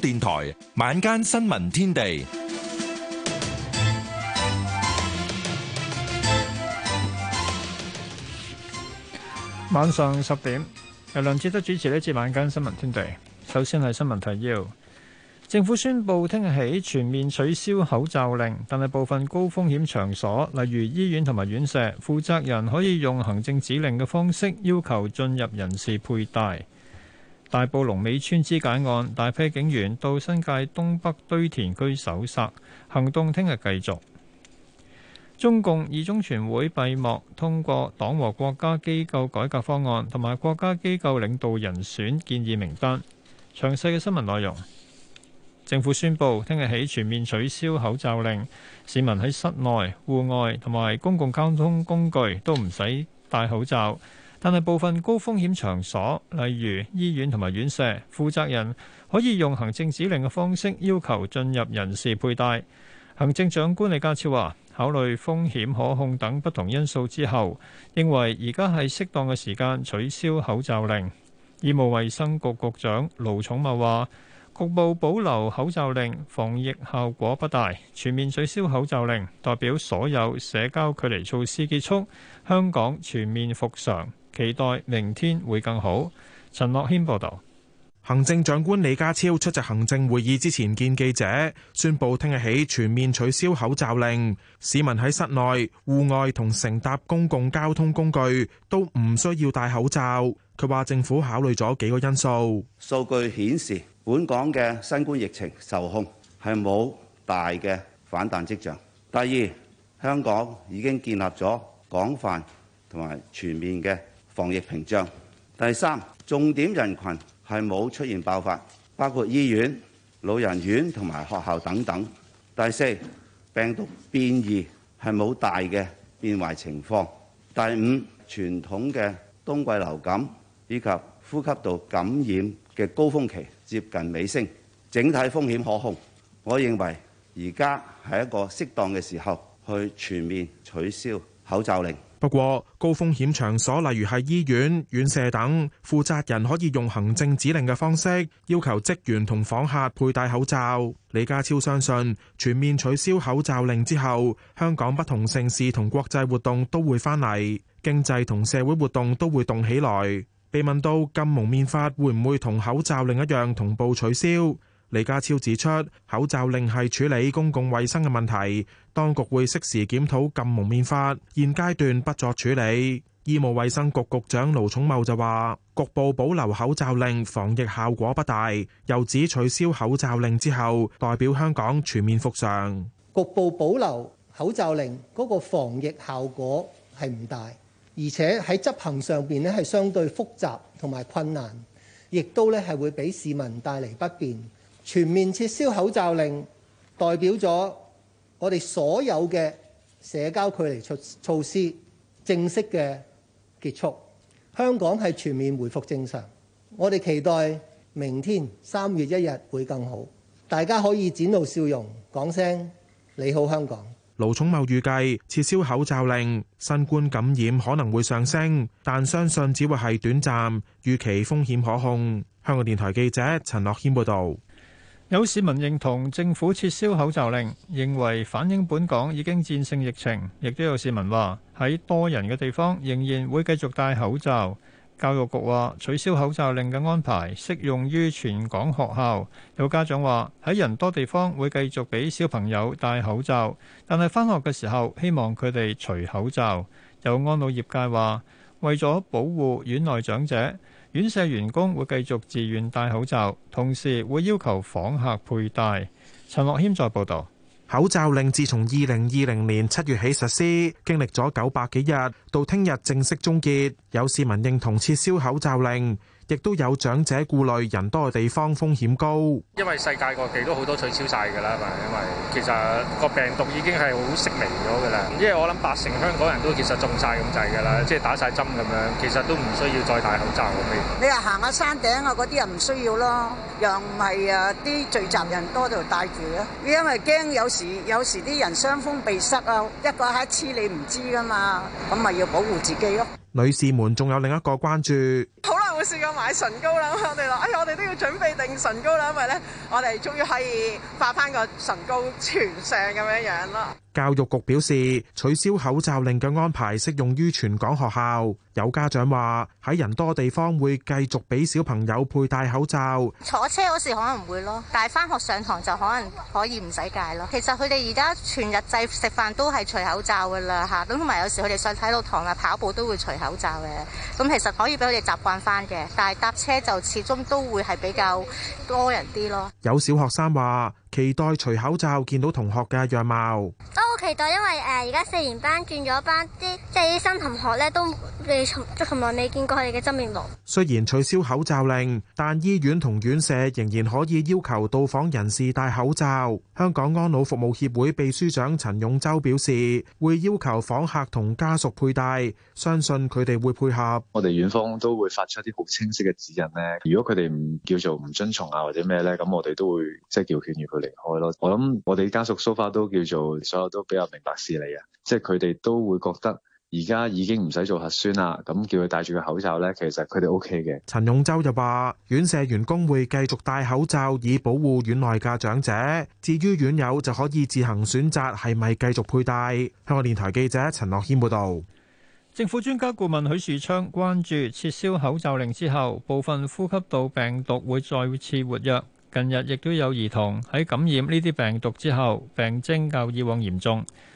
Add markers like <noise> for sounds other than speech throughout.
電台晚間新聞天地，晚上十點由梁志德主持呢次晚間新聞天地。首先係新聞提要：政府宣布聽日起全面取消口罩令，但係部分高風險場所，例如醫院同埋院舍，負責人可以用行政指令嘅方式要求進入人士佩戴。大埔龍尾村肢解案，大批警員到新界東北堆填區搜查行動聽日繼續。中共二中全會閉幕，通過黨和國家機構改革方案同埋國家機構領導人選建議名單。詳細嘅新聞內容，政府宣布聽日起全面取消口罩令，市民喺室內、戶外同埋公共交通工具都唔使戴口罩。但係部分高風險場所，例如醫院同埋院舍，負責人可以用行政指令嘅方式要求進入人士佩戴。行政長官李家超話：考慮風險可控等不同因素之後，認為而家係適當嘅時間取消口罩令。醫務衛生局局長盧寵茂話：局部保留口罩令防疫效果不大，全面取消口罩令代表所有社交距離措施結束，香港全面復常。期待明天會更好。陳樂軒報導。行政長官李家超出席行政會議之前見記者，宣佈聽日起全面取消口罩令，市民喺室內、戶外同乘搭公共交通工具都唔需要戴口罩。佢話：政府考慮咗幾個因素，數據顯示本港嘅新冠疫情受控，係冇大嘅反彈跡象。第二，香港已經建立咗廣泛同埋全面嘅防疫屏障，第三重點人群係冇出現爆發，包括醫院、老人院同埋學校等等。第四病毒變異係冇大嘅變壞情況。第五傳統嘅冬季流感以及呼吸道感染嘅高峰期接近尾聲，整體風險可控。我認為而家係一個適當嘅時候去全面取消口罩令。不過，高風險場所例如係醫院、院舍等，負責人可以用行政指令嘅方式要求職員同訪客佩戴口罩。李家超相信全面取消口罩令之後，香港不同城市同國際活動都會返嚟，經濟同社會活動都會動起來。被問到禁蒙面法會唔會同口罩令一樣同步取消，李家超指出，口罩令係處理公共衛生嘅問題。當局會適時檢討禁蒙面法，現階段不作處理。醫務衛生局局長盧寵茂就話：局部保留口罩令，防疫效果不大。又指取消口罩令之後，代表香港全面復常。局部保留口罩令嗰個防疫效果係唔大，而且喺執行上邊咧係相對複雜同埋困難，亦都咧係會俾市民帶嚟不便。全面撤銷口罩令，代表咗我哋所有嘅社交距離措措施正式嘅結束，香港係全面回復正常。我哋期待明天三月一日會更好，大家可以展露笑容，講聲，你好香港。盧寵茂預計撤銷口罩令，新冠感染可能會上升，但相信只會係短暫，預期風險可控。香港電台記者陳樂軒報導。有市民認同政府撤銷口罩令，認為反映本港已經戰勝疫情。亦都有市民話喺多人嘅地方仍然會繼續戴口罩。教育局話取消口罩令嘅安排適用於全港學校。有家長話喺人多地方會繼續俾小朋友戴口罩，但係返學嘅時候希望佢哋除口罩。有安老業界話，為咗保護院內長者。院舍員工會繼續自願戴口罩，同時會要求訪客佩戴。陳樂謙再報道：口罩令自從二零二零年七月起實施，經歷咗九百幾日，到聽日正式終結。有市民認同撤銷口罩令。亦都有長者顧慮，人多嘅地方風險高。因為世界各地都好多取消曬㗎啦，咪因為其實個病毒已經係好式微咗㗎啦。因為我諗八成香港人都其實中曬咁滯㗎啦，即係打曬針咁樣，其實都唔需要再戴口罩咁樣。你話行下山頂啊，嗰啲人唔需要咯，又唔係啊啲聚集人多就戴住咯。因為驚有時有時啲人傷風鼻塞啊，一個乞嗤你唔知㗎嘛，咁咪要保護自己咯。女士們，仲有另一個關注。試過買唇膏啦，我哋話：哎呀，我哋都要準備定唇膏啦，因為咧，我哋終於可以化翻個唇膏全相咁樣樣咯。教育局表示，取消口罩令嘅安排適用於全港學校。有家長話，喺人多地方會繼續俾小朋友佩戴口罩。坐車嗰時可能唔會咯，但係翻學上堂就可能可以唔使戴咯。其實，佢哋而家全日制食飯都係除口罩噶啦吓，咁同埋有時，佢哋上體育堂啊、跑步都會除口罩嘅。咁其實可以俾佢哋習慣翻嘅，但係搭車就始終都會，係比較多人啲咯。有小學生話。期待除口罩見到同學嘅樣貌都好期待，因為誒而家四年班轉咗班，啲即係啲新同學咧都未從，從來未見過佢哋嘅真面目。雖然取消口罩令，但醫院同院舍仍然可以要求到訪人士戴口罩。香港安老服務協會秘書長陳勇洲表示，會要求訪客同家屬佩戴，相信佢哋會配合。我哋院方都會發出一啲好清晰嘅指引咧，如果佢哋唔叫做唔遵從啊或者咩咧，咁我哋都會即係叫勸住佢離開咯。我諗我哋家屬 so far 都叫做所有都比較明白事理啊，即係佢哋都會覺得。而家已經唔使做核酸啦，咁叫佢戴住個口罩呢，其實佢哋 OK 嘅。陳勇洲就話，院舍員工會繼續戴口罩以保護院內嘅長者，至於院友就可以自行選擇係咪繼續佩戴。香港電台記者陳樂謙報道。政府專家顧問許樹昌關注，撤銷口罩令之後，部分呼吸道病毒會再次活躍。近日亦都有兒童喺感染呢啲病毒之後，病徵較以往嚴重。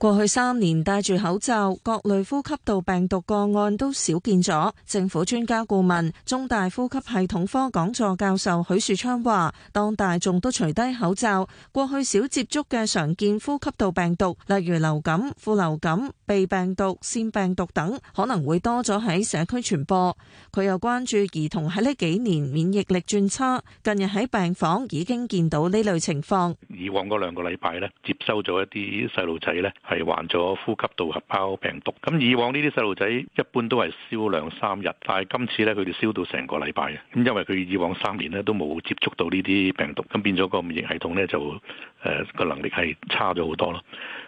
過去三年戴住口罩，各類呼吸道病毒個案都少見咗。政府專家顧問、中大呼吸系統科講座教授許樹昌話，當大眾都除低口罩，過去少接觸嘅常見呼吸道病毒，例如流感、副流感、鼻病毒、腺病毒等，可能會多咗喺社區傳播。佢又關注兒童喺呢幾年免疫力轉差，近日喺病房已經見到呢類情況。以往嗰兩個禮拜呢，接收咗一啲細路仔咧。係患咗呼吸道合胞病毒，咁以往呢啲細路仔一般都係燒兩三日，但係今次呢，佢哋燒到成個禮拜嘅，咁因為佢以往三年呢都冇接觸到呢啲病毒，咁變咗個免疫系統呢，就誒個、呃、能力係差咗好多咯。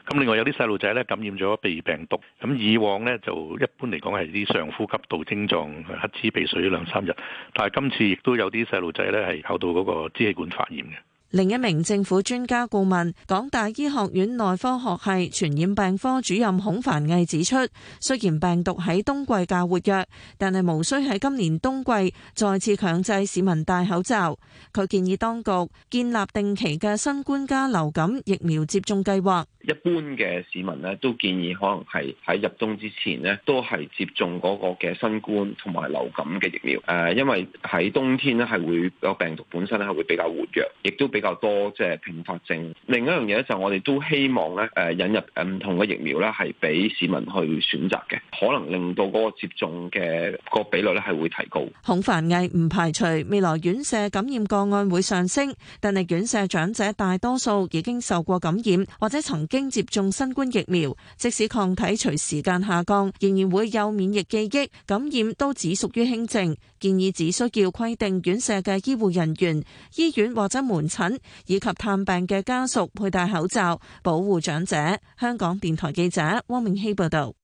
咁另外有啲細路仔呢，感染咗鼻病毒，咁以往呢，就一般嚟講係啲上呼吸道症狀，黑黐鼻水兩三日，但係今次亦都有啲細路仔呢，係搞到嗰個支氣管發炎嘅。另一名政府專家顧問、港大醫學院內科學系傳染病科主任孔凡毅指出，雖然病毒喺冬季較活躍，但係無需喺今年冬季再次強制市民戴口罩。佢建議當局建立定期嘅新冠加流感疫苗接種計劃。一般嘅市民呢，都建議可能係喺入冬之前呢，都係接種嗰個嘅新冠同埋流感嘅疫苗。誒，因為喺冬天呢，係會個病毒本身咧係會比較活躍，亦都比較多即係併發症。另一樣嘢就我哋都希望咧，誒引入唔同嘅疫苗咧，係俾市民去選擇嘅，可能令到嗰個接種嘅個比率咧係會提高。孔繁毅唔排除未來院舍感染個案會上升，但係院舍長者大多數已經受過感染或者曾經接種新冠疫苗，即使抗體隨時間下降，仍然會有免疫記憶，感染都只屬於輕症。建議只需要規定院舍嘅醫護人員、醫院或者門診以及探病嘅家屬佩戴口罩，保護長者。香港電台記者汪明熙報道。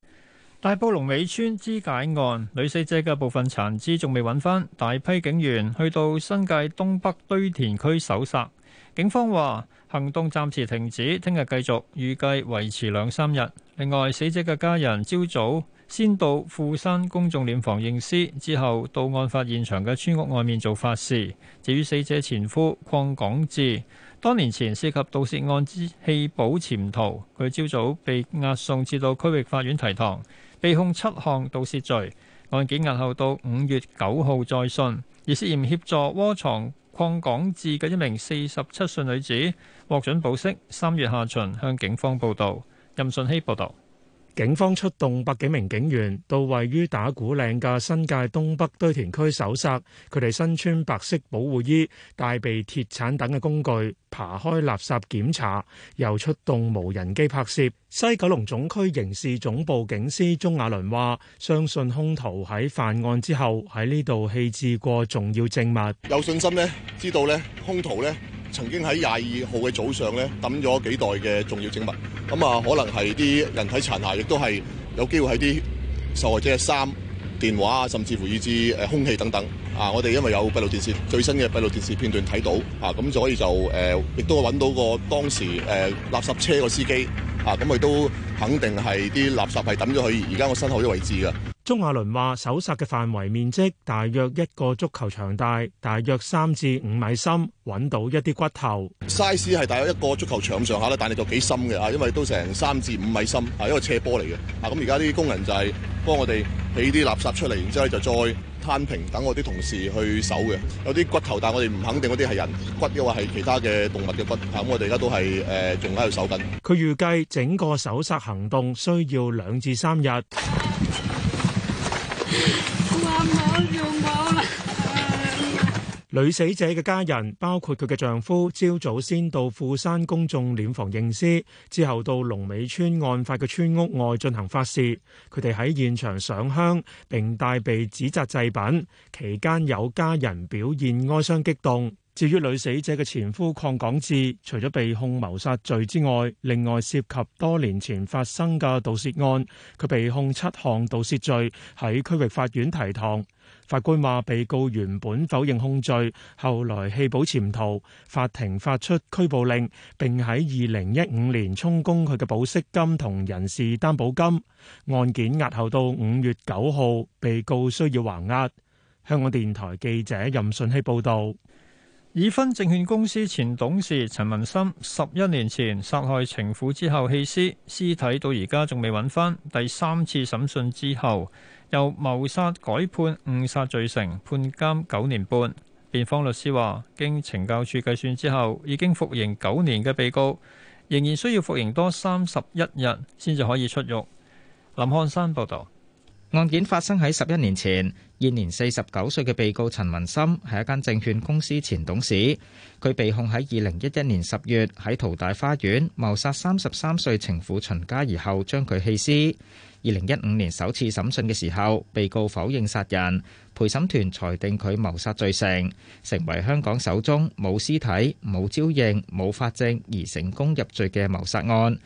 大埔龍尾村肢解案，女死者嘅部分殘肢仲未揾翻，大批警員去到新界東北堆填區搜查。警方話，行動暫時停止，聽日繼續，預計維持兩三日。另外，死者嘅家人朝早先到富山公眾殮房認屍，之後到案發現場嘅村屋外面做法事。至於死者前夫鄺港志，多年前涉及盜竊案之棄保潛逃，佢朝早被押送至到區域法院提堂，被控七項盜竊罪，案件押後到五月九號再訊，而涉嫌協助窩藏。礦港至嘅一名四十七歲女子獲准保釋，三月下旬向警方報到，任信希報道。警方出動百幾名警員到位於打鼓嶺嘅新界東北堆填區搜查，佢哋身穿白色保護衣，帶備鐵鏟等嘅工具，爬開垃圾檢查，又出動無人機拍攝。西九龍總區刑事總部警司鐘亞倫話，相信凶徒喺犯案之後喺呢度棄置過重要證物，有信心呢？知道呢？凶徒呢？曾經喺廿二號嘅早上咧，抌咗幾袋嘅重要證物，咁啊可能係啲人體殘骸，亦都係有機會喺啲受害者嘅衫、電話啊，甚至乎以至誒空氣等等。啊，我哋因為有閉路電視最新嘅閉路電視片段睇到，啊咁就可以就誒亦都揾到個當時誒垃圾車個司機，啊咁佢都肯定係啲垃圾係抌咗去而家我身後啲位置㗎。鍾亞倫話，搜殺嘅範圍面積大約一個足球場大，大約三至五米深，揾到一啲骨頭。size 係大約一個足球場上下咧，但係就幾深嘅啊，因為都成三至五米深啊，一個斜坡嚟嘅啊。咁而家啲工人就係幫我哋起啲垃圾出嚟，然之後就再攤平，等我啲同事去搜嘅。有啲骨頭，但係我哋唔肯定嗰啲係人骨，抑或係其他嘅動物嘅骨。咁我哋而家都係誒仲喺度搜緊。佢預計整個搜殺行動需要兩至三日。女死者嘅家人包括佢嘅丈夫，朝早先到富山公眾殮房認屍，之後到龍尾村案發嘅村屋外進行法事，佢哋喺現場上香，並帶備紙紮祭品。期間有家人表現哀傷激動。至於女死者嘅前夫鄺廣志，除咗被控謀殺罪之外，另外涉及多年前發生嘅盜竊案，佢被控七項盜竊罪，喺區域法院提堂。法官話：被告原本否認控罪，後來棄保潛逃。法庭發出拘捕令，並喺二零一五年充公佢嘅保釋金同人事擔保金。案件押後到五月九號，被告需要還押。香港電台記者任信希報導。已婚證券公司前董事陳文森，十一年前殺害情婦之後棄屍，屍體到而家仲未搵返。第三次審訊之後，由謀殺改判誤殺罪成，判監九年半。辯方律師話，經懲教處計算之後，已經服刑九年嘅被告，仍然需要服刑多三十一日，先至可以出獄。林漢山報道。案件發生喺十一年前。現年四十九歲嘅被告陳文森係一間證券公司前董事，佢被控喺二零一一年十月喺淘大花園謀殺三十三歲情婦秦家怡後將佢棄屍。二零一五年首次審訊嘅時候，被告否認殺人，陪審團裁定佢謀殺罪成，成為香港首宗冇屍體、冇招認、冇法證而成功入罪嘅謀殺案。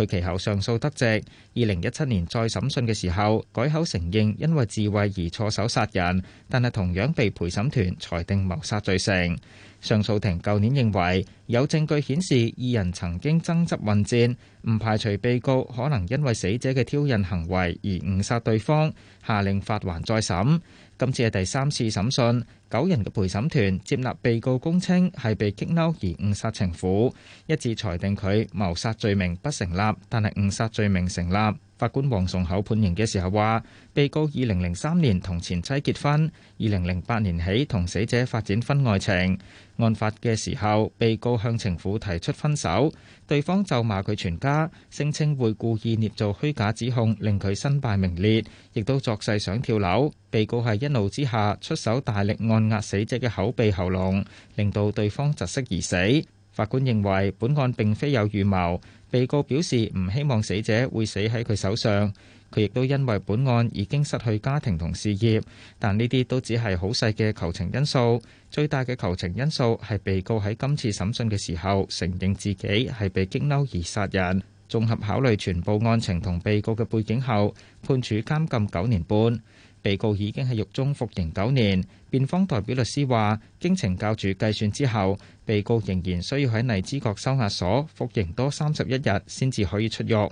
佢其後上訴得直。二零一七年再審訊嘅時候，改口承認因為自衛而錯手殺人，但係同樣被陪審團裁定謀殺罪成。上訴庭舊年認為有證據顯示二人曾經爭執混戰，唔排除被告可能因為死者嘅挑釁行為而誤殺對方，下令發還再審。今次係第三次審訊，九人嘅陪審團接納被告供稱係被激嬲而誤殺情婦，一致裁定佢謀殺罪名不成立，但係誤殺罪名成立。法官黃崇厚判刑嘅時候話，被告二零零三年同前妻結婚，二零零八年起同死者發展婚外情，案發嘅時候，被告向情婦提出分手。對方就罵佢全家，聲稱會故意捏造虛假指控，令佢身敗名裂，亦都作勢想跳樓。被告喺一怒之下出手大力按壓死者嘅口鼻喉嚨，令到對方窒息而死。法官認為本案並非有預謀。被告表示唔希望死者會死喺佢手上，佢亦都因為本案已經失去家庭同事業，但呢啲都只係好細嘅求情因素。最大嘅求情因素係被告喺今次審訊嘅時候承認自己係被激嬲而殺人。綜合考慮全部案情同被告嘅背景後，判處監禁九年半。被告已經喺獄中服刑九年。辯方代表律師話，經懲教署計算之後，被告仍然需要喺荔枝角收押所服刑多三十一日，先至可以出獄。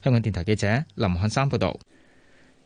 香港電台記者林漢山報道。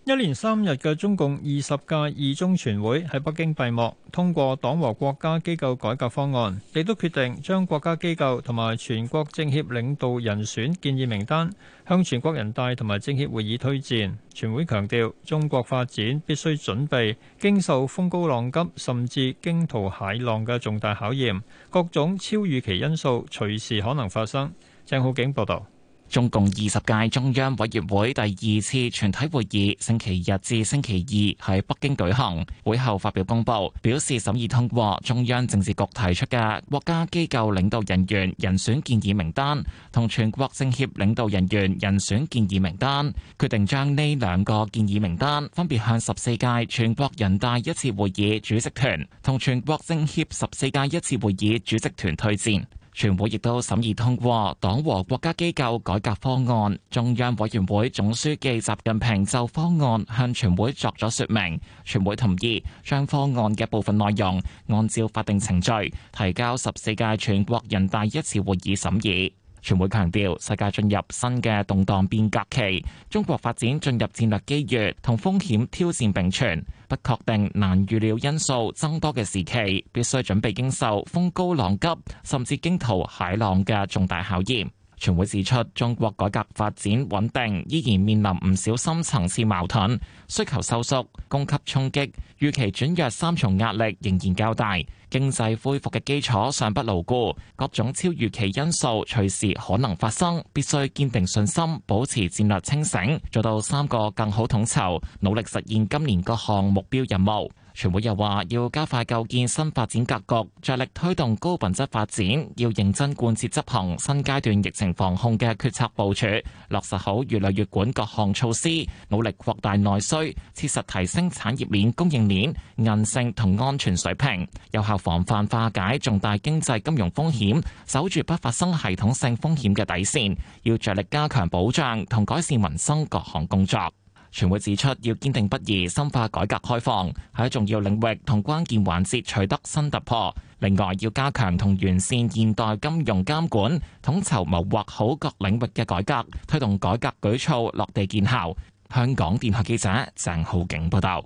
一連三日嘅中共二十屆二中全會喺北京閉幕，通過黨和國家機構改革方案，亦都決定將國家機構同埋全國政協領導人選建議名單向全國人大同埋政協會議推薦。全會強調，中國發展必須準備經受風高浪急甚至驚濤駭浪嘅重大考驗，各種超預期因素隨時可能發生。鄭浩景報道。中共二十屆中央委員會第二次全體會議星期日至星期二喺北京舉行，會後發表公報，表示審議通過中央政治局提出嘅國家機構領導人員人選建議名單同全國政協領導人員人選建議名單，決定將呢兩個建議名單分別向十四屆全國人大一次會議主席團同全國政協十四屆一次會議主席團推薦。全會亦都審議通過黨和國家機構改革方案，中央委員會總書記習近平就方案向全會作咗說明，全會同意將方案嘅部分內容按照法定程序提交十四屆全國人大一次會議審議。全會強調，世界進入新嘅動盪變革期，中國發展進入戰略機遇同風險挑戰並存、不確定難預料因素增多嘅時期，必須準備經受風高浪急甚至驚濤駭浪嘅重大考驗。全會指出，中國改革發展穩定依然面臨唔少深層次矛盾，需求收縮、供給衝擊、預期轉弱三重壓力仍然較大，經濟恢復嘅基礎尚不牢固，各種超預期因素隨時可能發生，必須堅定信心，保持戰略清醒，做到三個更好統籌，努力實現今年各項目標任務。全會又話要加快構建新發展格局，着力推動高品質發展；要認真貫徹執行新階段疫情防控嘅決策部署，落實好乙類乙管各項措施，努力擴大內需，切實提升產業鏈供應鏈韌性同安全水平，有效防範化解重大經濟金融風險，守住不發生系統性風險嘅底線。要着力加強保障同改善民生各項工作。全會指出，要堅定不移深化改革開放，喺重要領域同關鍵環節取得新突破。另外，要加強同完善現代金融監管，統籌謀劃好各領域嘅改革，推動改革舉措落地見效。香港電台記者鄭浩景報道。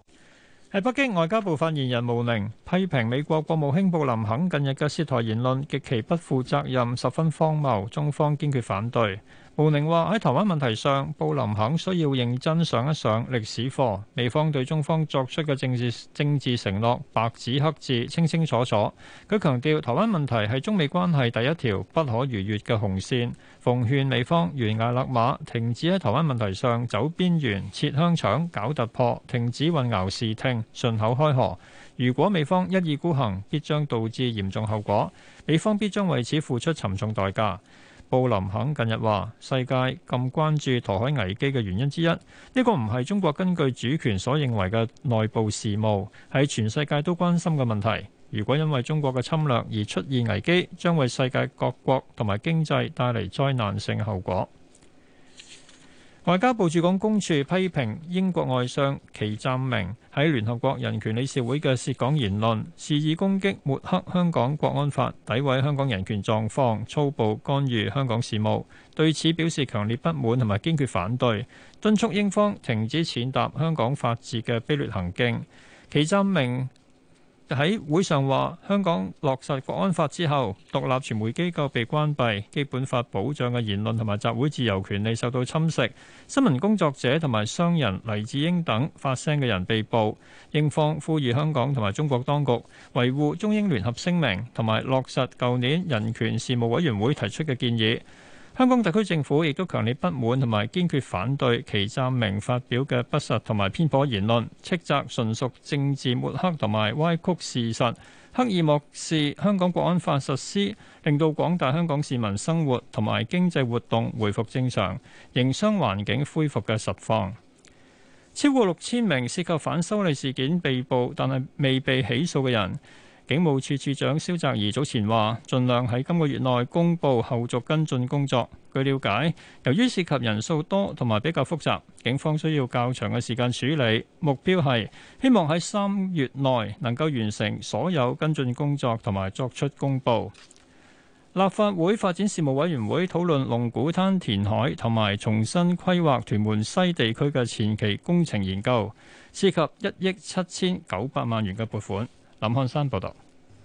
喺北京，外交部發言人毛寧批評美國國務卿布林肯近日嘅涉台言論極其不負責任，十分荒謬，中方堅決反對。毛寧話：喺台灣問題上，布林肯需要認真上一上歷史課。美方對中方作出嘅政治政治承諾，白紙黑字，清清楚楚。佢強調，台灣問題係中美關係第一條不可逾越嘅紅線。奉勸美方懸崖勒馬，停止喺台灣問題上走邊緣、切香腸、搞突破，停止混淆視聽、順口開河。如果美方一意孤行，必將導致嚴重後果。美方必將為此付出沉重代價。布林肯近日話：世界咁關注台海危機嘅原因之一，呢個唔係中國根據主權所認為嘅內部事務，係全世界都關心嘅問題。如果因為中國嘅侵略而出現危機，將為世界各國同埋經濟帶嚟災難性後果。外交部駐港公署批評英國外相祁湛明喺聯合國人權理事會嘅涉港言論，肆意攻擊抹黑香港國安法，詆毀香港人權狀況，粗暴干預香港事務。對此表示強烈不滿，同埋堅決反對，敦促英方停止踐踏香港法治嘅卑劣行徑。祁湛明喺會上話，香港落實國安法之後，獨立傳媒機構被關閉，基本法保障嘅言論同埋集會自由權利受到侵蝕，新聞工作者同埋商人黎智英等發聲嘅人被捕。英方呼籲香港同埋中國當局維護中英聯合聲明，同埋落實舊年人權事務委員會提出嘅建議。香港特區政府亦都強烈不滿同埋堅決反對祁贊明發表嘅不實同埋偏頗言論，斥責純屬政治抹黑同埋歪曲事實，刻意漠視香港國安法實施，令到廣大香港市民生活同埋經濟活動回復正常，營商環境恢復嘅實況。超過六千名涉及反修例事件被捕，但係未被起訴嘅人。警務處處長蕭澤頤早前話，盡量喺今個月內公布後續跟進工作。據了解，由於涉及人數多同埋比較複雜，警方需要較長嘅時間處理。目標係希望喺三月內能夠完成所有跟進工作，同埋作出公布。立法會發展事務委員會討論龍鼓灘填海同埋重新規劃屯門西地區嘅前期工程研究，涉及一億七千九百萬元嘅撥款。林漢山報道，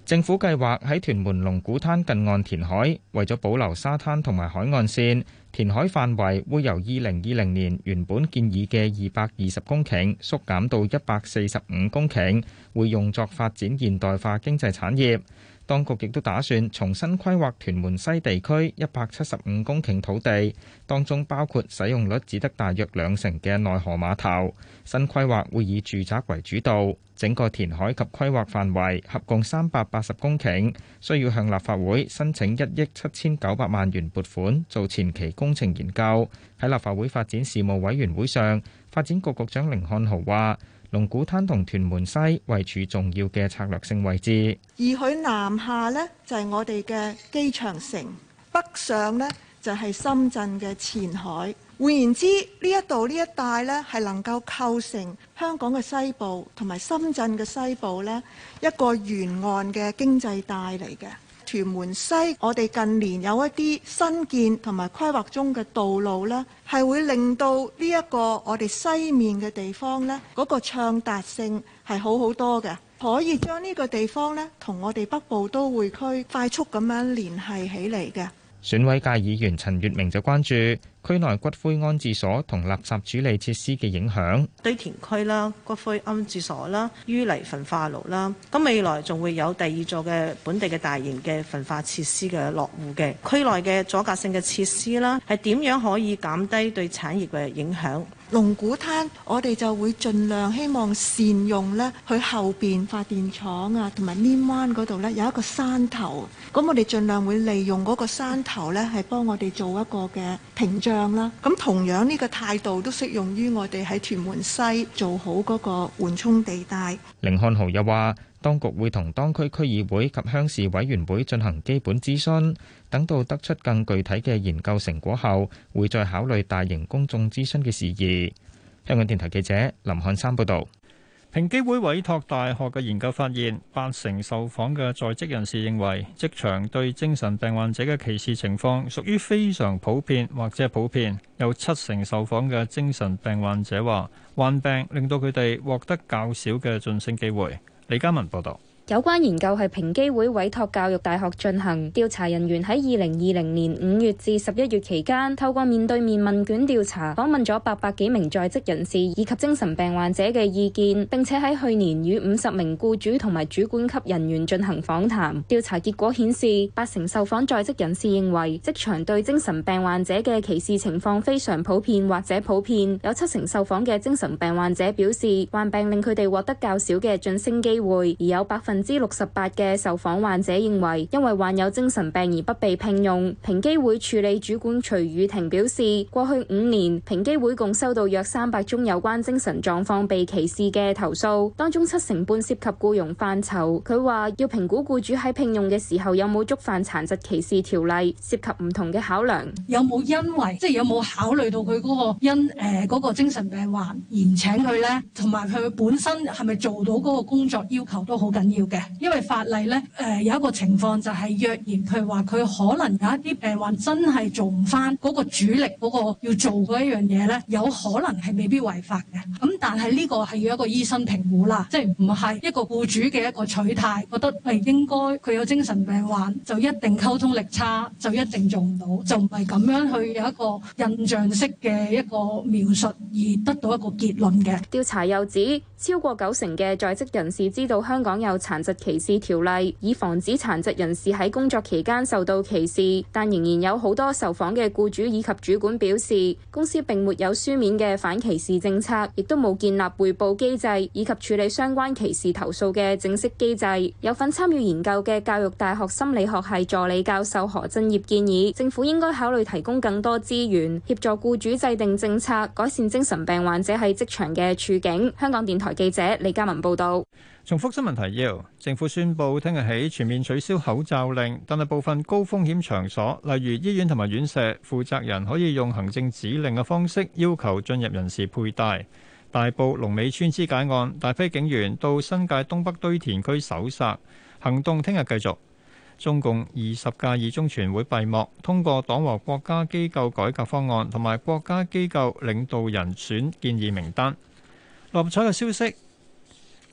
政府計劃喺屯門龍鼓灘近岸填海，為咗保留沙灘同埋海岸線，填海範圍會由二零二零年原本建議嘅二百二十公頃縮減到一百四十五公頃，會用作發展現代化經濟產業。當局亦都打算重新規劃屯門西地區一百七十五公頃土地，當中包括使用率只得大約兩成嘅內河碼頭。新規劃會以住宅為主導。整個填海及規劃範圍合共三百八十公頃，需要向立法會申請一億七千九百萬元撥款做前期工程研究。喺立法會發展事務委員會上，發展局局長甯漢豪話：龍鼓灘同屯門西位處重要嘅策略性位置。而佢南下呢就係我哋嘅機場城；北上呢就係深圳嘅前海。換言之，呢一度呢一帶呢係能夠構成香港嘅西部同埋深圳嘅西部呢一個沿岸嘅經濟帶嚟嘅。屯門西，我哋近年有一啲新建同埋規劃中嘅道路呢，係會令到呢一個我哋西面嘅地方呢嗰個暢達性係好好多嘅，可以將呢個地方呢同我哋北部都會區快速咁樣聯繫起嚟嘅。選委界議員陳月明就關注區內骨灰安置所同垃圾處理設施嘅影響，堆填區啦、骨灰安置所啦、淤泥焚化爐啦，咁未來仲會有第二座嘅本地嘅大型嘅焚化設施嘅落戶嘅。區內嘅阻隔性嘅設施啦，係點樣可以減低對產業嘅影響？龍鼓灘我哋就會盡量希望善用呢，去後邊發電廠啊，同埋稔灣嗰度呢，有一個山頭，咁我哋盡量會利用嗰個山頭呢，係幫我哋做一個嘅屏障。啦，咁同樣呢個態度都適用於我哋喺屯門西做好嗰個緩衝地帶。凌漢豪又話，當局會同當區區議會及鄉事委員會進行基本諮詢，等到得出更具體嘅研究成果後，會再考慮大型公眾諮詢嘅事宜。香港電台記者林漢山報道。平機會委託大學嘅研究發現，八成受訪嘅在職人士認為，職場對精神病患者嘅歧視情況屬於非常普遍或者普遍。有七成受訪嘅精神病患者話，患病令到佢哋獲得較少嘅晉升機會。李嘉文報道。有關研究係平機會委託教育大學進行調查，人員喺二零二零年五月至十一月期間，透過面對面問卷調查，訪問咗八百幾名在職人士以及精神病患者嘅意見。並且喺去年與五十名雇主同埋主管級人員進行訪談。調查結果顯示，八成受訪在職人士認為職場對精神病患者嘅歧視情況非常普遍或者普遍。有七成受訪嘅精神病患者表示，患病令佢哋獲得較少嘅晉升機會，而有百分百分之六十八嘅受訪患者認為，因為患有精神病而不被聘用。平機會處理主管徐雨婷表示，過去五年，平機會共收到約三百宗有關精神狀況被歧視嘅投訴，當中七成半涉及僱傭範疇。佢話要評估雇主喺聘用嘅時候有冇觸犯殘疾歧視條例，涉及唔同嘅考量，有冇因為即係、就是、有冇考慮到佢嗰個因誒嗰、呃嗰個精神病患而唔請佢呢？同埋佢本身係咪做到嗰個工作要求都好緊要。嘅，因為法例呢，誒、呃、有一個情況就係若然佢話，佢可能有一啲病患真係做唔翻嗰個主力嗰個要做嗰一樣嘢呢，有可能係未必違法嘅。咁、嗯、但係呢個係要一個醫生評估啦，即係唔係一個僱主嘅一個取態覺得係應該佢有精神病患就一定溝通力差就一定做唔到，就唔係咁樣去有一個印象式嘅一個描述而得到一個結論嘅。調查又指超過九成嘅在職人士知道香港有殘疾歧視條例，以防止殘疾人士喺工作期間受到歧視，但仍然有好多受訪嘅僱主以及主管表示，公司並沒有書面嘅反歧視政策，亦都冇建立匯報機制以及處理相關歧視投訴嘅正式機制。有份參與研究嘅教育大學心理學系助理教授何振業建議，政府應該考慮提供更多資源協助僱主制定政策，改善精神病患者喺職場嘅處境。香港電台記者李嘉文報道。重複新聞提要：政府宣布聽日起全面取消口罩令，但係部分高風險場所，例如醫院同埋院舍，負責人可以用行政指令嘅方式要求進入人士佩戴。大埔龍尾村肢解案，大批警員到新界東北堆填區搜查行動，聽日繼續。中共二十屆二中全會閉幕，通過黨和國家機構改革方案同埋國家機構領導人選建議名單。六合彩嘅消息。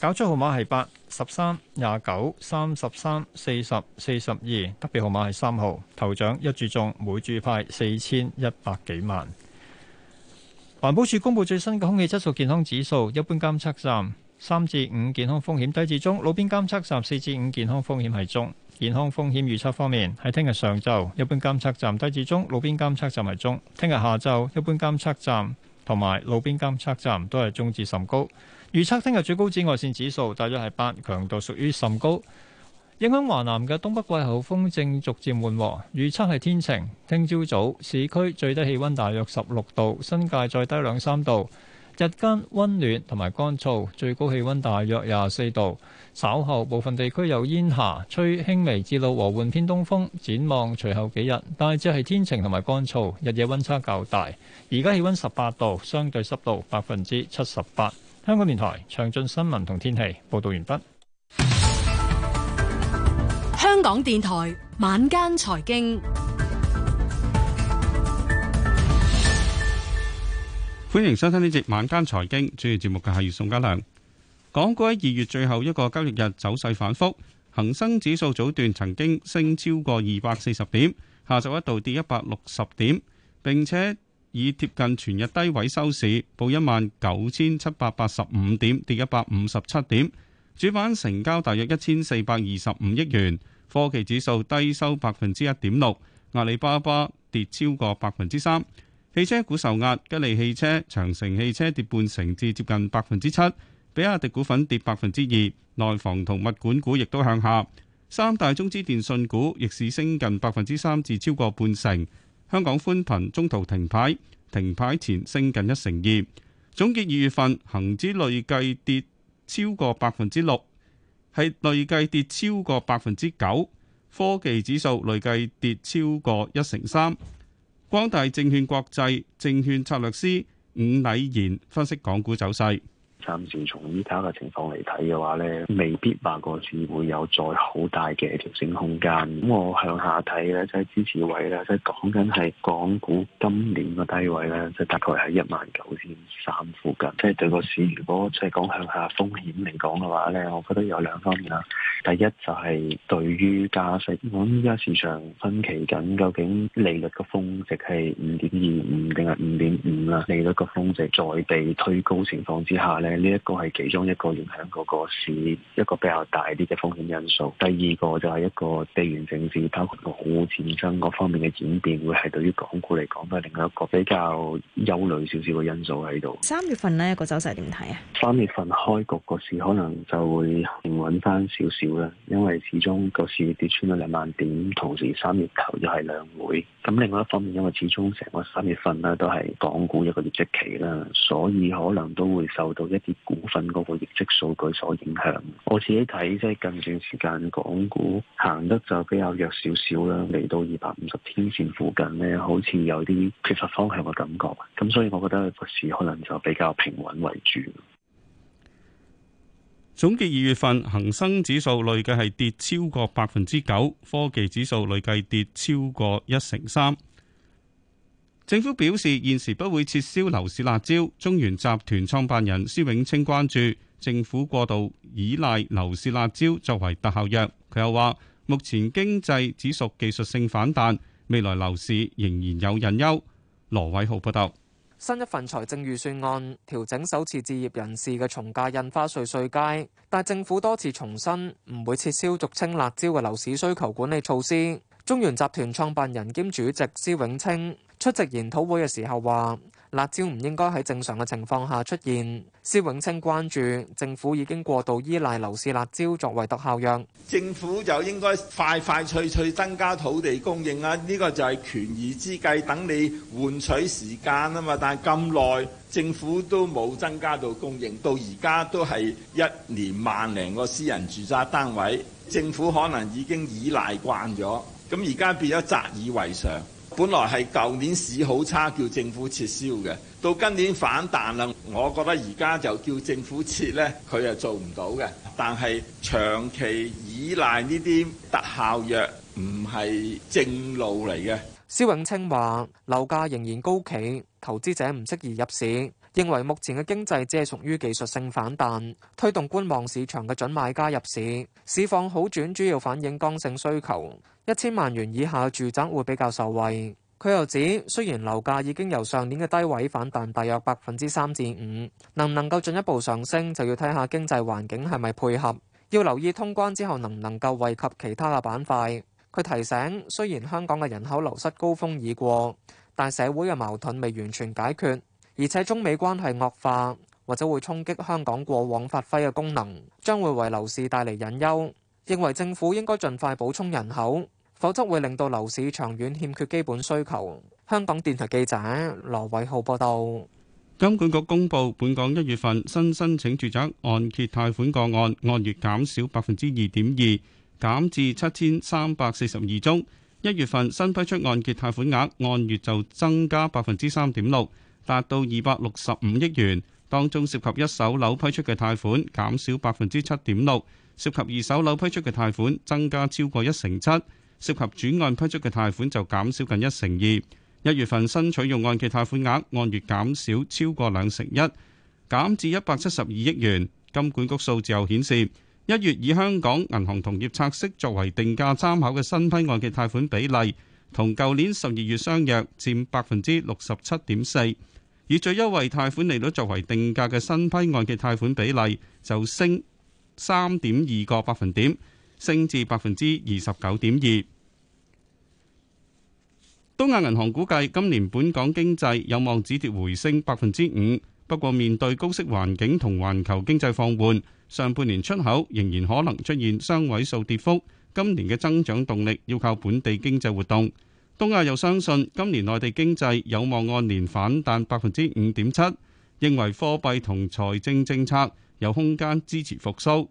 搞出號碼係八、十三、廿九、三十三、四十四、十二，特別號碼係三號。頭獎一注中，每注派四千一百幾萬。環保署公布最新嘅空氣質素健康指數，一般監測站三至五健康風險低至中，路邊監測站四至五健康風險係中。健康風險預測方面，喺聽日上晝，一般監測站低至中，路邊監測站係中；聽日下晝，一般監測站同埋路邊監測站都係中至甚高。預測聽日最高紫外線指數大約係八，強度屬於甚高。影響華南嘅東北季候風正逐漸緩和，預測係天晴。聽朝早市區最低氣温大約十六度，新界再低兩三度。日間温暖同埋乾燥，最高氣温大約廿四度。稍後部分地區有煙霞，吹輕微至到和緩偏東風。展望隨後幾日大致係天晴同埋乾燥，日夜温差較大。而家氣温十八度，相對濕度百分之七十八。香港電台詳盡新聞同天氣報道完畢。香港電台晚間財經， <music> 歡迎收聽呢節晚間財經，主要節目嘅係宋家良。港股喺二月最後一個交易日走勢反復，恒生指數早段曾經升超過二百四十點，下晝一度跌一百六十點，並且以貼近全日低位收市，報一萬九千七百八十五點，跌一百五十七點。主板成交大約一千四百二十五億元。科技指數低收百分之一點六，阿里巴巴跌超過百分之三。汽車股受壓，吉利汽車、長城汽車跌半成至接近百分之七，比亞迪股份跌百分之二。內房同物管股亦都向下。三大中資電信股逆市升近百分之三至超過半成。香港寬頻中途停牌，停牌前升近一成二。總結二月份，恒指累計跌超過百分之六，係累計跌超過百分之九。科技指數累計跌超過一成三。光大證券國際證券策略師伍禮賢分析港股走勢。暫時從依家嘅情況嚟睇嘅話咧，未必話個市會有再好大嘅調整空間。咁我向下睇呢，即係支持位呢，即係講緊係港股今年嘅低位呢，即係大概喺一萬九千三附近。即係對個市，如果即係講向下風險嚟講嘅話呢，我覺得有兩方面啦。第一就係對於加息，我依家市場分歧緊，究竟利率嘅峰值係五點二五定係五點五啦？利率嘅峰值再被推高情況之下呢。呢一個係其中一個影響嗰個市一個比較大啲嘅風險因素。第二個就係一個地緣政治，包括個好漢戰爭嗰方面嘅演變，會係對於港股嚟講都係另外一個比較憂慮少少嘅因素喺度。三月份呢個走勢點睇啊？三月份開局個市可能就會平穩翻少少啦，因為始終個市跌穿咗兩萬點，同時三月頭又係兩會，咁另外一方面因為始終成個三月份呢都係港股一個業績期啦，所以可能都會受到一股份嗰個業績數據所影響，我自己睇即係近段時間港股行得就比較弱少少啦，嚟到二百五十天線附近呢，好似有啲缺乏方向嘅感覺，咁所以我覺得個市可能就比較平穩為主。總結二月份恒生指數累計係跌超過百分之九，科技指數累計跌超過一成三。政府表示，現時不會撤銷樓市辣招。中原集團創辦人施永清關注政府過度依賴樓市辣招作為特效藥，佢又話目前經濟只屬技術性反彈，未來樓市仍然有隱憂，羅偉浩報道。新一份財政預算案調整首次置業人士嘅從價印花稅稅階，但政府多次重申唔會撤銷俗稱辣招嘅樓市需求管理措施。中原集團創辦人兼主席施永清，出席研討會嘅時候話，辣椒唔應該喺正常嘅情況下出現。施永清關注政府已經過度依賴樓市辣椒作為特效藥，政府就應該快快脆脆增加土地供應啊！呢個就係權宜之計等你換取時間啊嘛。但係咁耐，政府都冇增加到供應到而家都係一年萬零個私人住宅單位，政府可能已經依賴慣咗，咁而家變咗習以為常。本來係舊年市好差，叫政府撤銷嘅，到今年反彈啦。我覺得而家就叫政府撤咧，佢係做唔到嘅。但係長期依賴呢啲特效藥唔係正路嚟嘅。肖永清話樓價仍然高企，投資者唔適宜入市。認為目前嘅經濟只係屬於技術性反彈，推動觀望市場嘅準買家入市，市況好轉主要反映剛性需求。一千萬元以下住宅會比較受惠。佢又指，雖然樓價已經由上年嘅低位反彈大約百分之三至五，能唔能夠進一步上升，就要睇下經濟環境係咪配合，要留意通關之後能唔能夠惠及其他嘅板塊。佢提醒，雖然香港嘅人口流失高峰已過，但社會嘅矛盾未完全解決，而且中美關係惡化，或者會衝擊香港過往發揮嘅功能，將會為樓市帶嚟隱憂。認為政府應該盡快補充人口，否則會令到樓市長遠欠缺基本需求。香港電台記者羅偉浩報道。金管局公布本港一月份新申請住宅按揭貸款個案按月減少百分之二點二，減至七千三百四十二宗。一月份新批出按揭貸款額按月就增加百分之三點六，達到二百六十五億元。當中涉及一手樓批出嘅貸款減少百分之七點六。涉及二手樓批出嘅貸款增加超過一成七，涉及轉按批出嘅貸款就減少近一成二。一月份新取用按揭貸款額按月減少超過兩成一，減至一百七十二億元。金管局數字又顯示，一月以香港銀行同業拆息作為定價參考嘅新批按揭貸款比例，同舊年十二月相若，佔百分之六十七點四。以最優惠貸款利率作為定價嘅新批按揭貸款比例就升。三點二個百分點，升至百分之二十九點二。東亞銀行估計今年本港經濟有望止跌回升百分之五，不過面對高息環境同環球經濟放緩，上半年出口仍然可能出現雙位數跌幅。今年嘅增長動力要靠本地經濟活動。東亞又相信今年內地經濟有望按年反彈百分之五點七，認為貨幣同財政政策，有空間支持復甦。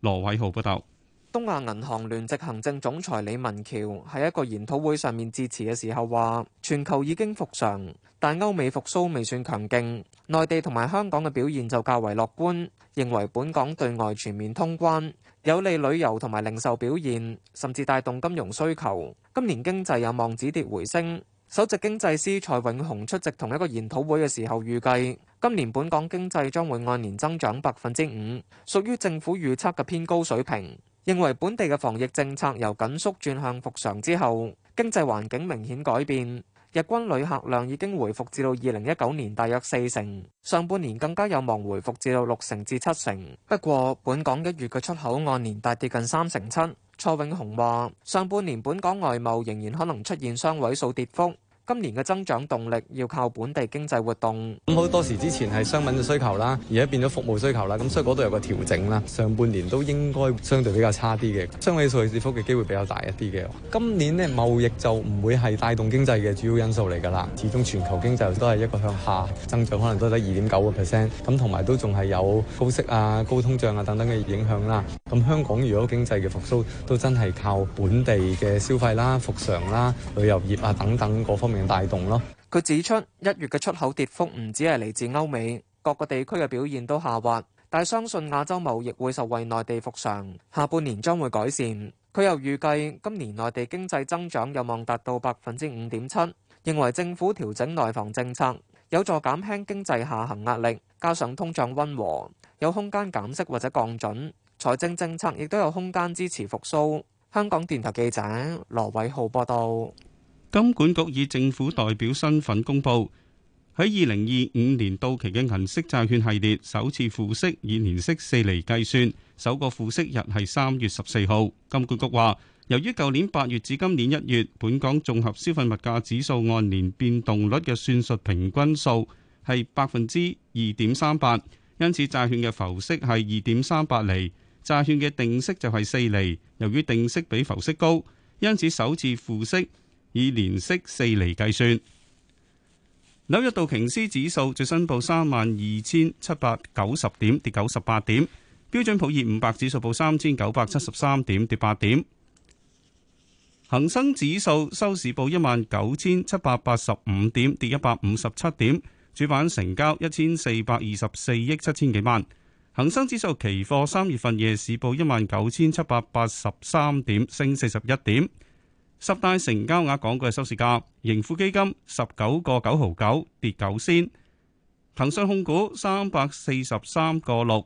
羅偉豪報道，東亞銀行聯席行政總裁李文橋喺一個研討會上面致辭嘅時候話：全球已經復常，但歐美復甦未算強勁。內地同埋香港嘅表現就較為樂觀，認為本港對外全面通關有利旅遊同埋零售表現，甚至帶動金融需求。今年經濟有望止跌回升。首席經濟師蔡永雄出席同一個研討會嘅時候預計，今年本港經濟將會按年增長百分之五，屬於政府預測嘅偏高水平。認為本地嘅防疫政策由緊縮轉向復常之後，經濟環境明顯改變。日均旅客量已經回復至到二零一九年大約四成，上半年更加有望回復至到六成至七成。不過，本港一月嘅出口按年大跌近三成七。蔡永雄話：上半年本港外貿仍然可能出現雙位數跌幅。今年嘅增長動力要靠本地經濟活動。咁好多時之前係商品嘅需求啦，而家變咗服務需求啦，咁所以嗰度有個調整啦。上半年都應該相對比較差啲嘅，雙位數嘅跌幅嘅機會比較大一啲嘅。今年呢，貿易就唔會係帶動經濟嘅主要因素嚟㗎啦。始終全球經濟都係一個向下增長，可能都得二點九個 percent。咁同埋都仲係有高息啊、高通脹啊等等嘅影響啦。咁香港如果經濟嘅復甦都真係靠本地嘅消費啦、復常啦、旅遊業啊等等各方面。帶佢指出，一月嘅出口跌幅唔止係嚟自歐美，各個地區嘅表現都下滑。但相信亞洲貿易會受惠內地復常，下半年將會改善。佢又預計今年內地經濟增長有望達到百分之五點七，認為政府調整內房政策有助減輕經濟下行壓力，加上通脹溫和，有空間減息或者降準，財政政策亦都有空間支持復蘇。香港電台記者羅偉浩報道。金管局以政府代表身份公布，喺二零二五年到期嘅銀色債券系列首次付息，以年息四厘計算，首個付息日係三月十四號。金管局話，由於舊年八月至今年一月，本港綜合消費物價指數按年變動率嘅算術平均數係百分之二點三八，因此債券嘅浮息係二點三八厘，債券嘅定息就係四厘。由於定息比浮息高，因此首次付息。以年息四厘計算。紐約道瓊斯指數最新報三萬二千七百九十點，跌九十八點。標準普爾五百指數報三千九百七十三點，跌八點。恒生指數收市報一萬九千七百八十五點，跌一百五十七點。主板成交一千四百二十四億七千幾萬。恒生指數期貨三月份夜市報一萬九千七百八十三點，升四十一點。十大成交額港股嘅收市價，盈富基金十九個九毫九跌九仙，騰訊控股三百四十三個六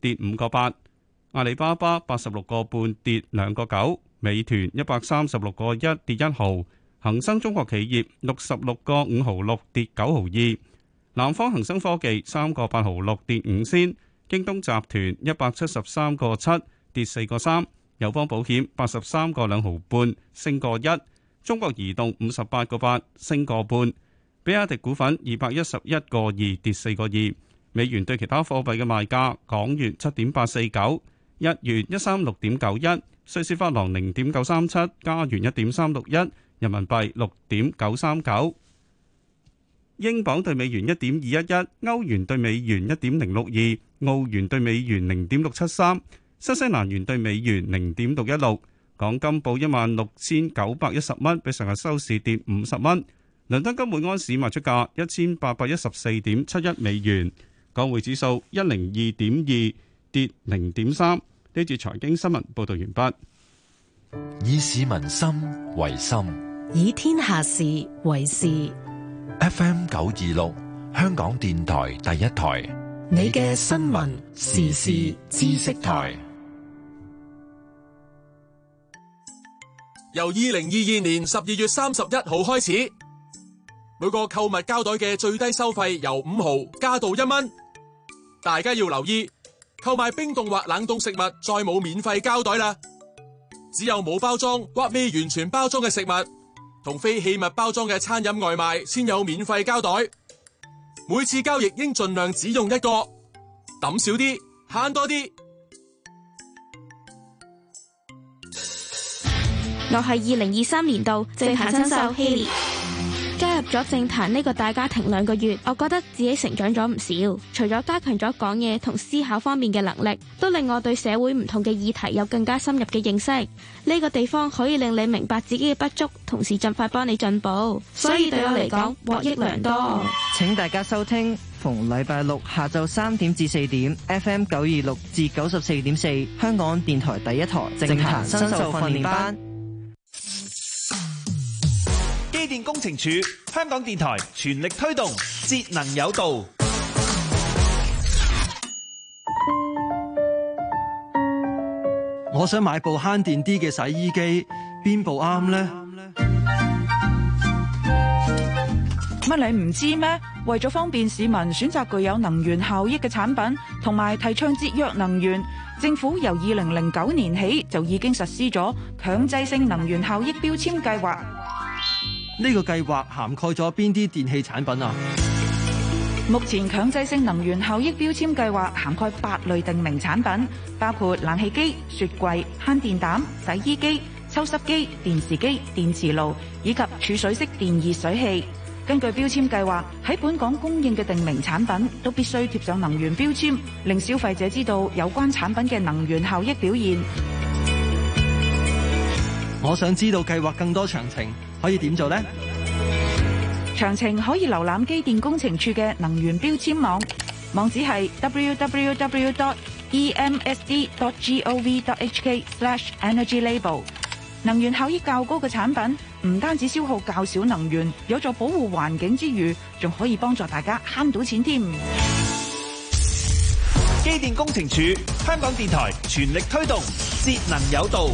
跌五個八，阿里巴巴八十六個半跌兩個九，美團一百三十六個一跌一毫，恒生中國企業六十六個五毫六跌九毫二，南方恒生科技三個八毫六跌五仙，京東集團一百七十三個七跌四個三。友邦保險八十三個兩毫半，升個一；中國移動五十八個八，升個半；比亞迪股份二百一十一個二，跌四個二。美元對其他貨幣嘅賣價：港元七點八四九，日元一三六點九一，瑞士法郎零點九三七，加元一點三六一，人民幣六點九三九，英鎊對美元一點二一一，歐元對美元一點零六二，澳元對美元零點六七三。新西蘭元對美元零點六一六，港金報一萬六千九百一十蚊，比上日收市跌五十蚊。倫敦金每安士賣出價一千八百一十四點七一美元，港匯指數一零二點二，跌零點三。呢節財經新聞報道完畢。以市民心為心，以天下事為事。FM 九二六，香港電台第一台，你嘅新聞時事知識台。由2022年12月31號開始，每個購物膠袋嘅最低收費由5毫加到1蚊。大家要留意，購買冰凍或冷凍食物再冇免費膠袋啦。只有冇包裝，或未完全包裝的食物，同非器物包裝的餐飲外賣先有免費膠袋。每次交易應盡量只用一個，揼少啲，慳多啲。我係二零二三年度政壇新秀系列，Hailey 加入咗政壇呢個大家庭兩個月，我覺得自己成長咗唔少。除咗加強咗講嘢同思考方面嘅能力，都令我對社會唔同嘅議題有更加深入嘅認識。呢、這個地方可以令你明白自己嘅不足，同時盡快幫你進步，所以對我嚟講獲益良多。請大家收聽，逢禮拜六下晝三點至四點，F M 九二六至九十四點四，香港電台第一台政壇新秀訓練班。電工程署，香港電台全力推動節能有道。我想買部慳電啲嘅洗衣機，邊部啱呢？乜你唔知咩？為咗方便市民選擇具有能源效益嘅產品，同埋提倡節約能源，政府由二零零九年起就已經實施咗強制性能源效益標籤計劃。呢個計劃涵蓋咗邊啲電器產品啊？目前強制性能源效益標籤計劃涵蓋八類定名產品，包括冷氣機、雪櫃、慳電膽、洗衣機、抽濕機、電視機、電磁爐以及儲水式電熱水器。根據標籤計劃，喺本港供應嘅定名產品都必須貼上能源標籤，令消費者知道有關產品嘅能源效益表現。我想知道計劃更多詳情。可以點做呢？詳情可以瀏覽機電工程署嘅能源標籤網，網址係 www.emsd.gov.hk/energylabel。能源效益較高嘅產品，唔單止消耗較少能源，有助保護環境之餘，仲可以幫助大家慳到錢添。機電工程署，香港電台全力推動節能有道。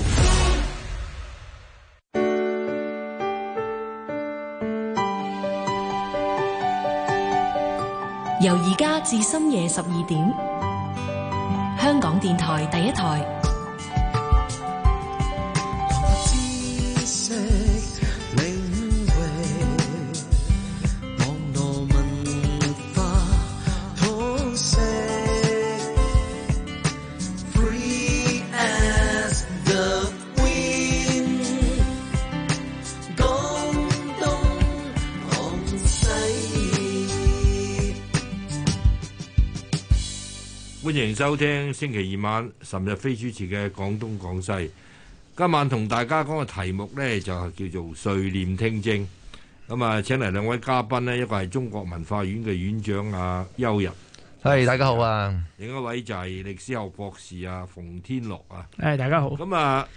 由而家至深夜十二點，香港電台第一台。歡迎收聽星期二晚岑日飛主持嘅廣東廣西。今晚同大家講嘅題目咧就係叫做垂簾聽政。咁啊，請嚟兩位嘉賓咧，一個係中國文化院嘅院長阿邱日。係，大家好啊。另一位就係歷史學博士阿馮天樂啊。係，大家好。咁啊，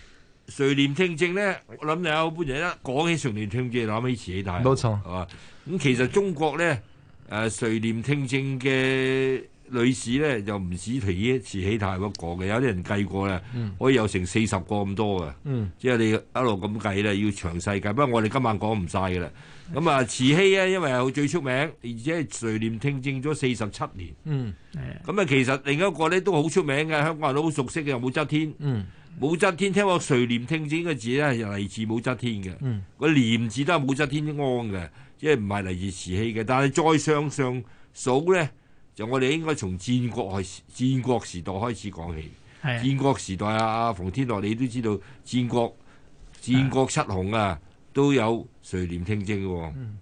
垂簾聽政咧，我諗有半日啦。講起垂簾聽政，諗起慈禧太后，冇錯。啊，咁其實中國咧誒，垂簾聽政嘅。女士咧就唔止提，儀、慈禧太后一個嘅，有啲人計過咧，嗯、可以有成四十個咁多嘅，嗯、即係你一路咁計咧，要詳細計。不過我哋今晚講唔晒㗎啦。咁啊，慈禧咧，因為係最出名，而且垂簾聽政咗四十七年。咁啊、嗯，其實另一個咧都好出名嘅，香港人都好熟悉嘅武則天。武則天聽過垂簾聽政嘅字咧，係嚟自武則天嘅。嗯、個「簾」字都係武則天安嘅、嗯嗯，即係唔係嚟自慈禧嘅。但係再向上數咧。就我哋應該從戰國係戰國時代開始講起，係的戰國時代啊，馮天樂你都知道，戰國戰國七雄啊，都有垂簾聽政嘅、啊。嗯，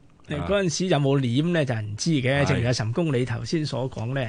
嗰陣的時有冇簾咧就唔知嘅，正如阿岑公你頭先所講咧。